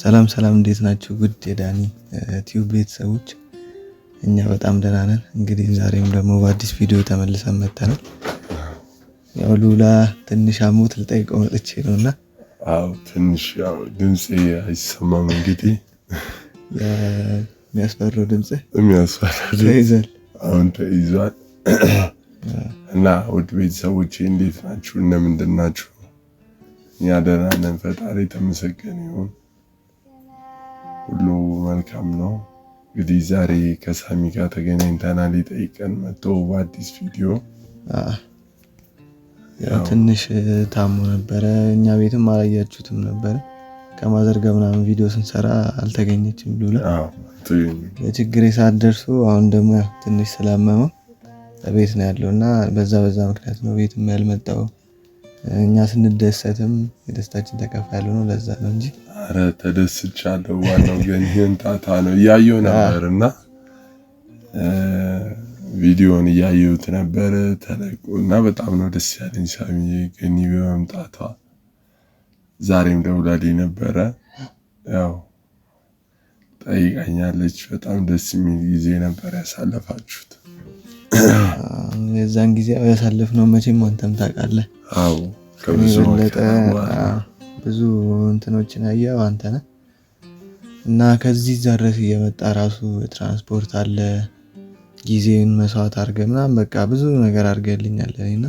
ሰላም ሰላም፣ እንዴት ናችሁ? ውድ የዳኒ ቲዩብ ቤተሰቦች፣ እኛ በጣም ደህና ነን። እንግዲህ ዛሬም ደግሞ በአዲስ ቪዲዮ ተመልሰን መጥተናል። ያው ሉላ ትንሽ አሞት ልጠይቀው መጥቼ ነው እና ትንሽ ድምፅ አይሰማም እንግዲህ የሚያስፈራው ድምፅ የሚያስፈራው አሁን ተይዟል። እና ውድ ቤተሰቦች እንዴት ናችሁ? እነምንድን ናችሁ? እኛ ደህና ነን፣ ፈጣሪ ተመሰገነ ይሁን። ሁሉ መልካም ነው። እንግዲህ ዛሬ ከሳሚ ጋር ተገናኝተናል። ሊጠይቀን መጥቶ በአዲስ ቪዲዮ ትንሽ ታሞ ነበረ። እኛ ቤትም አላያችሁትም ነበረ። ከማዘር ጋር ምናምን ቪዲዮ ስንሰራ አልተገኘችም ሉ ለችግሬ ሰዓት አሁን ደግሞ ትንሽ ስላመመው ቤት ነው ያለው እና በዛ በዛ ምክንያት ነው ቤትም ያልመጣው። እኛ ስንደሰትም የደስታችን ተካፋይ ያልሆነው ለዛ ነው እንጂ። ኧረ ተደስቻለሁ። ዋናው ግን ይህን ጣታ ነው። እያየሁ ነበር እና ቪዲዮን እያየሁት ነበር ተለቁ እና በጣም ነው ደስ ያለኝ። ሳሚ ገኒ በመምጣቷ ዛሬም ደውላልኝ ነበረ። ያው ጠይቃኛለች። በጣም ደስ የሚል ጊዜ ነበር ያሳለፋችሁት። የዛን ጊዜ ያሳለፍነው መቼም አንተም ታውቃለህ። የበለጠ ብዙ እንትኖችን አየኸው አንተ ነህ እና ከዚህ እዛ እየመጣ ራሱ ትራንስፖርት አለ ጊዜን መስዋዕት አድርገህ ምናምን በቃ ብዙ ነገር አድርገልኛል እና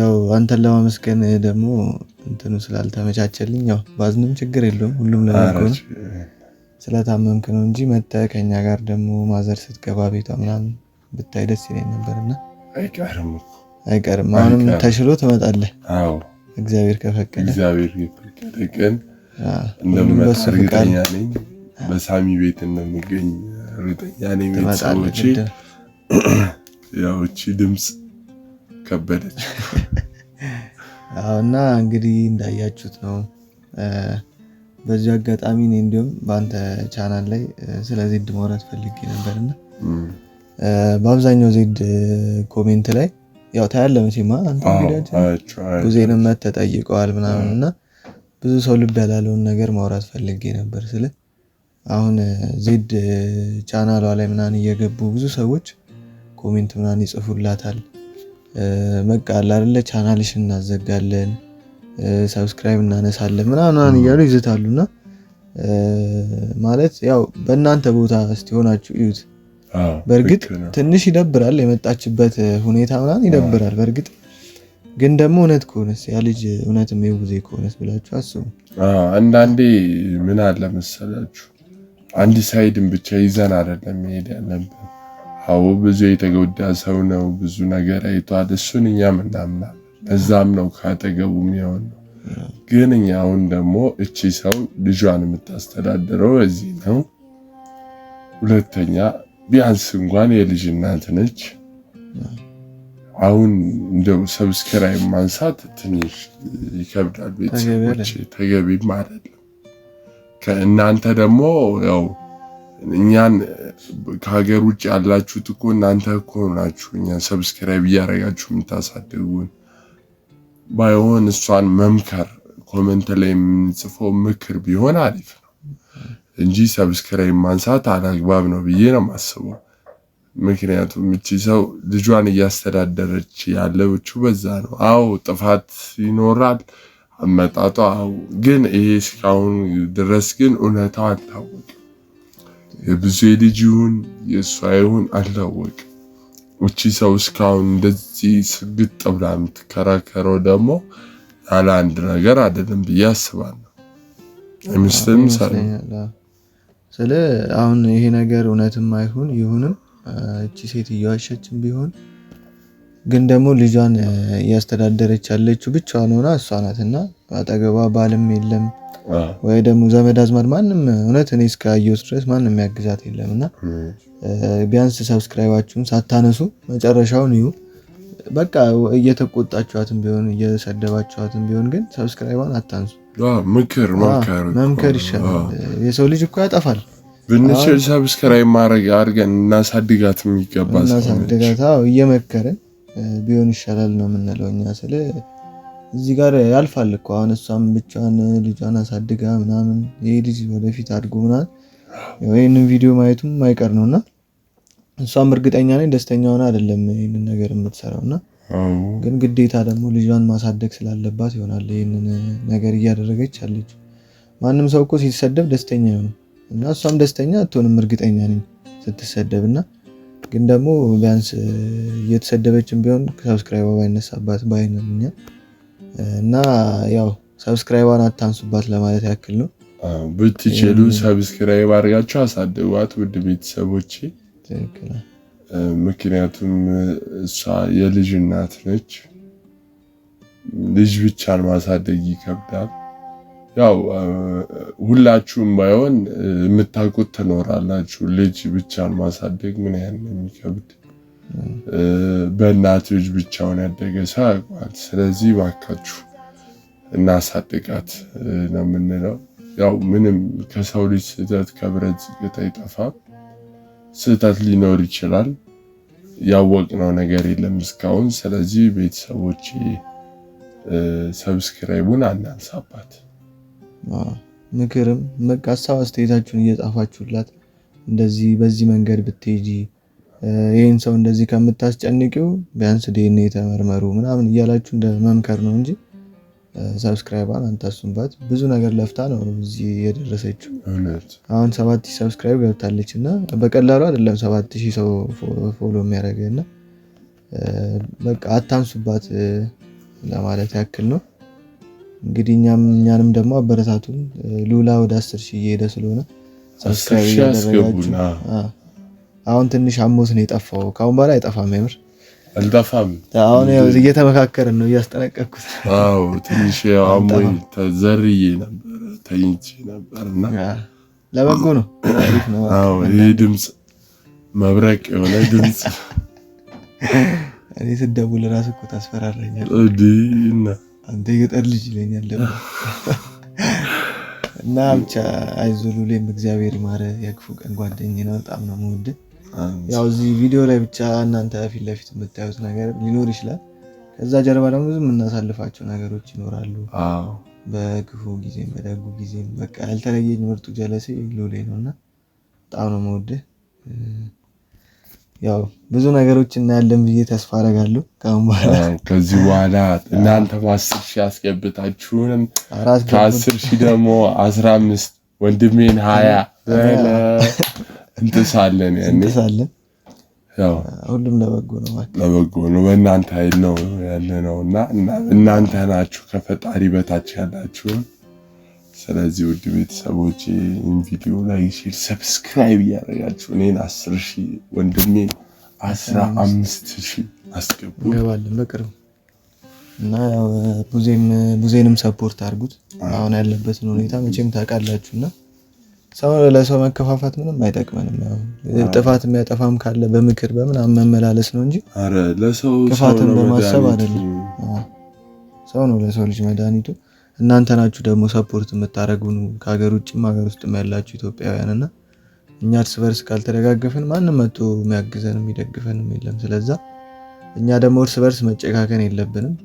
ያው አንተን ለማመስገን ደግሞ እንትኑ ስላልተመቻቸልኝ ያው ባዝንም ችግር የለውም። ሁሉም ለመጎን ስለታመምክ ነው እንጂ መተህ ከኛ ጋር ደግሞ ማዘር ስትገባ ቤቷ ምናምን ብታይ ደስ ይለኝ ነበርና አይቀርም አሁንም ተሽሎ ትመጣለህ። እግዚአብሔር ከፈቀደ በሳሚ ቤት እንደምገኝ እርግጠኛ ነኝ። ቤተሰቦቼ ያው እቺ ድምፅ ከበደች እና እንግዲህ እንዳያችሁት ነው። በዚህ አጋጣሚ እኔ እንዲሁም በአንተ ቻናል ላይ ስለዚህ ድመውራት ፈልጌ ነበርና በአብዛኛው ዜድ ኮሜንት ላይ ያው ታያለህ መቼማ ጉዜንም መት ተጠይቀዋል ምናምን እና ብዙ ሰው ልብ ያላለውን ነገር ማውራት ፈልጌ ነበር ስል አሁን ዜድ ቻናሏ ላይ ምናምን እየገቡ ብዙ ሰዎች ኮሜንት ምናምን ይጽፉላታል። በቃ አላለ ቻናልሽ እናዘጋለን፣ ሰብስክራይብ እናነሳለን ምናምን እያሉ ይዝታሉና ማለት ያው በእናንተ ቦታ ስትሆናችሁ እዩት። በእርግጥ ትንሽ ይደብራል፣ የመጣችበት ሁኔታ ምናምን ይደብራል። በእርግጥ ግን ደግሞ እውነት ከሆነስ ያ ልጅ እውነትም የጉዜ ከሆነስ ብላችሁ አስቡ። አንዳንዴ ምን አለ መሰላችሁ አንድ ሳይድን ብቻ ይዘን አይደለም መሄድ ያለብን። አዎ ብዙ የተጎዳ ሰው ነው፣ ብዙ ነገር አይቷል። እሱን እኛም እናምናለን፣ እዛም ነው ካጠገቡ የሚሆን ነው። ግን እኛ አሁን ደግሞ እቺ ሰው ልጇን የምታስተዳድረው እዚህ ነው። ሁለተኛ ቢያንስ እንኳን የልጅ እናት ነች። አሁን እንደው ሰብስክራይ ማንሳት ትንሽ ይከብዳል። ቤተሰቦች ተገቢም አይደለም። ከእናንተ ደግሞ ያው እኛን ከሀገር ውጭ ያላችሁት እኮ እናንተ እኮ ናችሁ እኛን ሰብስክራይብ እያደረጋችሁ የምታሳድጉን። ባይሆን እሷን መምከር ኮመንት ላይ የምንጽፈው ምክር ቢሆን አሪፍ ነው። እንጂ ሰብስክራይብ ማንሳት አላግባብ ነው ብዬ ነው የማስበው። ምክንያቱም እቺ ሰው ልጇን እያስተዳደረች ያለችው በዛ ነው። አዎ ጥፋት ይኖራል አመጣጧ። አዎ ግን ይሄ እስካሁን ድረስ ግን እውነታው አልታወቅም። የብዙ የልጅ ይሁን የእሷ ይሁን አልታወቅም። እቺ ሰው እስካሁን እንደዚህ ስግጥ ብላ የምትከራከረው ደግሞ ያለ አንድ ነገር አይደለም ብዬ አስባለሁ። ምስልም ሰ ስለ አሁን ይሄ ነገር እውነትም አይሁን ይሁንም እቺ ሴት ዋሸችም ቢሆን ግን ደግሞ ልጇን እያስተዳደረች ያለችው ብቻዋን ሆና እሷ ናት እና አጠገቧ ባልም የለም ወይ ደግሞ ዘመድ አዝማድ ማንም እውነት እኔ እስካየሁት ድረስ ማንም ያግዛት የለም እና ቢያንስ ሰብስክራይባችሁን ሳታነሱ መጨረሻውን ይሁ በቃ እየተቆጣችኋትም ቢሆን እየሰደባችኋትም ቢሆን ግን ሰብስክራይቧን አታንሱ። ምክር መምከር ይሻላል። የሰው ልጅ እኮ ያጠፋል። ብንችል ሰብስክራይብ ማድረግ አድርገን እናሳድጋት የሚገባ እናሳድጋት እየመከርን ቢሆን ይሻላል ነው የምንለው እኛ ስለ እዚህ ጋር ያልፋል እኮ አሁን እሷም ብቻዋን ልጇን አሳድጋ ምናምን ይሄ ልጅ ወደፊት አድጎ ምናምን ይህንን ቪዲዮ ማየቱም ማይቀር ነውና እሷም እርግጠኛ ነኝ ደስተኛ ሆነ አይደለም ይህንን ነገር የምትሰራው እና ግን ግዴታ ደግሞ ልጇን ማሳደግ ስላለባት ይሆናል ይህንን ነገር እያደረገች አለች። ማንም ሰው እኮ ሲሰደብ ደስተኛ አይሆንም እና እሷም ደስተኛ አትሆንም እርግጠኛ ነኝ ስትሰደብ እና ግን ደግሞ ቢያንስ እየተሰደበችን ቢሆን ሰብስክራይባ ባይነሳባት ባይነን እኛ እና ያው ሰብስክራይባን አታንሱባት ለማለት ያክል ነው። ብትችሉ ሰብስክራይብ አድርጋችሁ አሳድጓት ውድ ቤተሰቦቼ። ምክንያቱም እሷ የልጅ እናት ነች። ልጅ ብቻን ማሳደግ ይከብዳል። ያው ሁላችሁም ባይሆን የምታውቁት ትኖራላችሁ። ልጅ ብቻን ማሳደግ ምን ያህል የሚከብድ በእናት ልጅ ብቻውን ያደገ ሰው ያውቃል። ስለዚህ ባካችሁ እናሳድጋት ነው የምንለው። ያው ምንም ከሰው ልጅ ስህተት ከብረት ዝቅት አይጠፋም። ስህተት ሊኖር ይችላል። ያወቅነው ነገር የለም እስካሁን። ስለዚህ ቤተሰቦች ሰብስክራይቡን አናንሳባት። ምክርም በቃ ሀሳብ አስተያየታችሁን እየጻፋችሁላት እንደዚህ በዚህ መንገድ ብትሄጂ ይህን ሰው እንደዚህ ከምታስጨንቂው ቢያንስ ዴኔ ተመርመሩ ምናምን እያላችሁ እንደ መምከር ነው እንጂ ሰብስክራይባን አንታሱንባት ብዙ ነገር ለፍታ ነው እዚህ የደረሰችው። አሁን ሰባት ሺህ ሰብስክራይብ ገብታለች እና በቀላሉ አይደለም ሰባት ሺህ ሰው ፎሎ የሚያደርግ እና በቃ አታንሱባት ለማለት ያክል ነው። እንግዲህ እኛንም ደግሞ አበረታቱን። ሉላ ወደ አስር ሺህ እየሄደ ስለሆነ ሰብስክራይብ እያደረጋችሁ አሁን ትንሽ አሞት ነው የጠፋው። ከአሁን በኋላ አይጠፋም የምር አልጠፋም። አሁን ያው እየተመካከርን ነው፣ እያስጠነቀቅኩት። አዎ ትንሽ አሞኝ ተዘርዬ ነበር ተኝቼ ነበርና ለበጎ ነው። አዎ ይሄ ድምፅ መብረቅ የሆነ ድምፅ። እኔ ስደውል እራሱ እኮ ታስፈራረኛለህ። አንተ የገጠር ልጅ ይለኛል ደግሞ እና ብቻ አይዞህ ሉሌም እግዚአብሔር ማረ። የክፉ ቀን ጓደኛዬ ነው። በጣም ነው የምወድህ ያው እዚህ ቪዲዮ ላይ ብቻ እናንተ ፊት ለፊት የምታዩት ነገር ሊኖር ይችላል። ከዛ ጀርባ ደግሞ ብዙ የምናሳልፋቸው ነገሮች ይኖራሉ። በክፉ ጊዜም በደጉ ጊዜም በቃ ያልተለየኝ ምርጡ ጀለሴ ሉሌ ነው እና በጣም ነው መውደህ። ያው ብዙ ነገሮች እናያለን ብዬ ተስፋ አደርጋለሁ። ከአሁን በኋላ ከዚህ በኋላ እናንተ አስር ሺህ አስገብታችሁንም ከአስር ሺህ ደግሞ አስራ አምስት ወንድሜን ሀያ እንትሳለን እንትሳለን። ሁሉም ለበጎ ነው ለበጎ ነው። በእናንተ ኃይል ነው ያለ ነው እና እናንተ ናችሁ ከፈጣሪ በታች ያላችሁ። ስለዚህ ውድ ቤተሰቦች ይህን ቪዲዮ ላይ ሼር፣ ሰብስክራይብ እያደረጋችሁ እኔን አስር ሺህ ወንድሜ አስራ አምስት ሺህ አስገቡ። እንገባለን በቅርብ እና ያው ቡዜንም ሰፖርት አድርጉት። አሁን ያለበትን ሁኔታ መቼም ታውቃላችሁ እና ሰው ለሰው መከፋፋት ምንም አይጠቅመንም። ጥፋት የሚያጠፋም ካለ በምክር በምናምን መመላለስ ነው እንጂ ክፋትን በማሰብ አይደለም። ሰው ነው ለሰው ልጅ መድኃኒቱ። እናንተ ናችሁ ደግሞ ሰፖርት የምታደርጉን ከሀገር ውጭም ሀገር ውስጥ ያላችሁ ኢትዮጵያውያን እና እኛ እርስ በርስ ካልተደጋገፍን ማንም መጥቶ የሚያግዘን የሚደግፈንም የለም። ስለዛ እኛ ደግሞ እርስ በርስ መጨካከን የለብንም።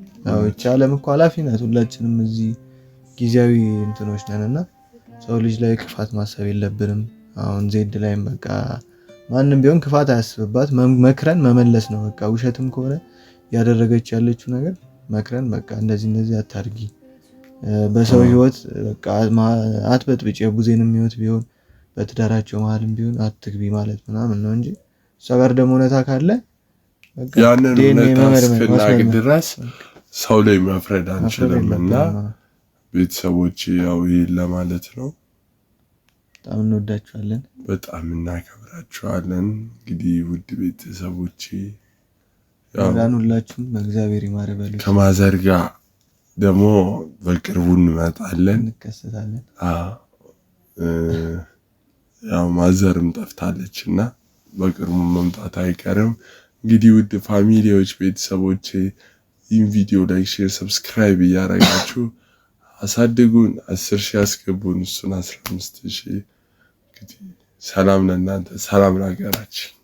ይቺ ዓለም እኮ ኃላፊ ናት። ሁላችንም እዚህ ጊዜያዊ እንትኖች ነን እና ሰው ልጅ ላይ ክፋት ማሰብ የለብንም። አሁን ዜድ ላይም በቃ ማንም ቢሆን ክፋት አያስብባት፣ መክረን መመለስ ነው በቃ። ውሸትም ከሆነ ያደረገች ያለችው ነገር መክረን በቃ እንደዚህ እንደዚህ አታርጊ፣ በሰው ህይወት በቃ አትበጥብጭ፣ የቡዜንም ህይወት ቢሆን በትዳራቸው መሀልም ቢሆን አትግቢ ማለት ምናምን ነው እንጂ እሷ ጋር ደግሞ እውነታ ካለ ያንን እውነታ አስፈላጊ ድረስ ሰው ላይ መፍረድ አንችልም እና ቤተሰቦች ያው ይህን ለማለት ነው። በጣም እንወዳችኋለን፣ በጣም እናከብራችኋለን። እንግዲህ ውድ ቤተሰቦቼ ዛኑላችሁም እግዚአብሔር ይማረ በሉ። ከማዘር ጋር ደግሞ በቅርቡ እንመጣለን፣ እንከሰታለን። ያው ማዘርም ጠፍታለች እና በቅርቡ መምጣት አይቀርም። እንግዲህ ውድ ፋሚሊዎች፣ ቤተሰቦች ይህን ቪዲዮ ላይክ፣ ሼር፣ ሰብስክራይብ እያደረጋችሁ አሳድጉን፣ አስር ሺህ አስገቡን። እሱን አስራ አምስት ሺህ እንግዲህ ሰላም ለእናንተ፣ ሰላም ለሀገራችን።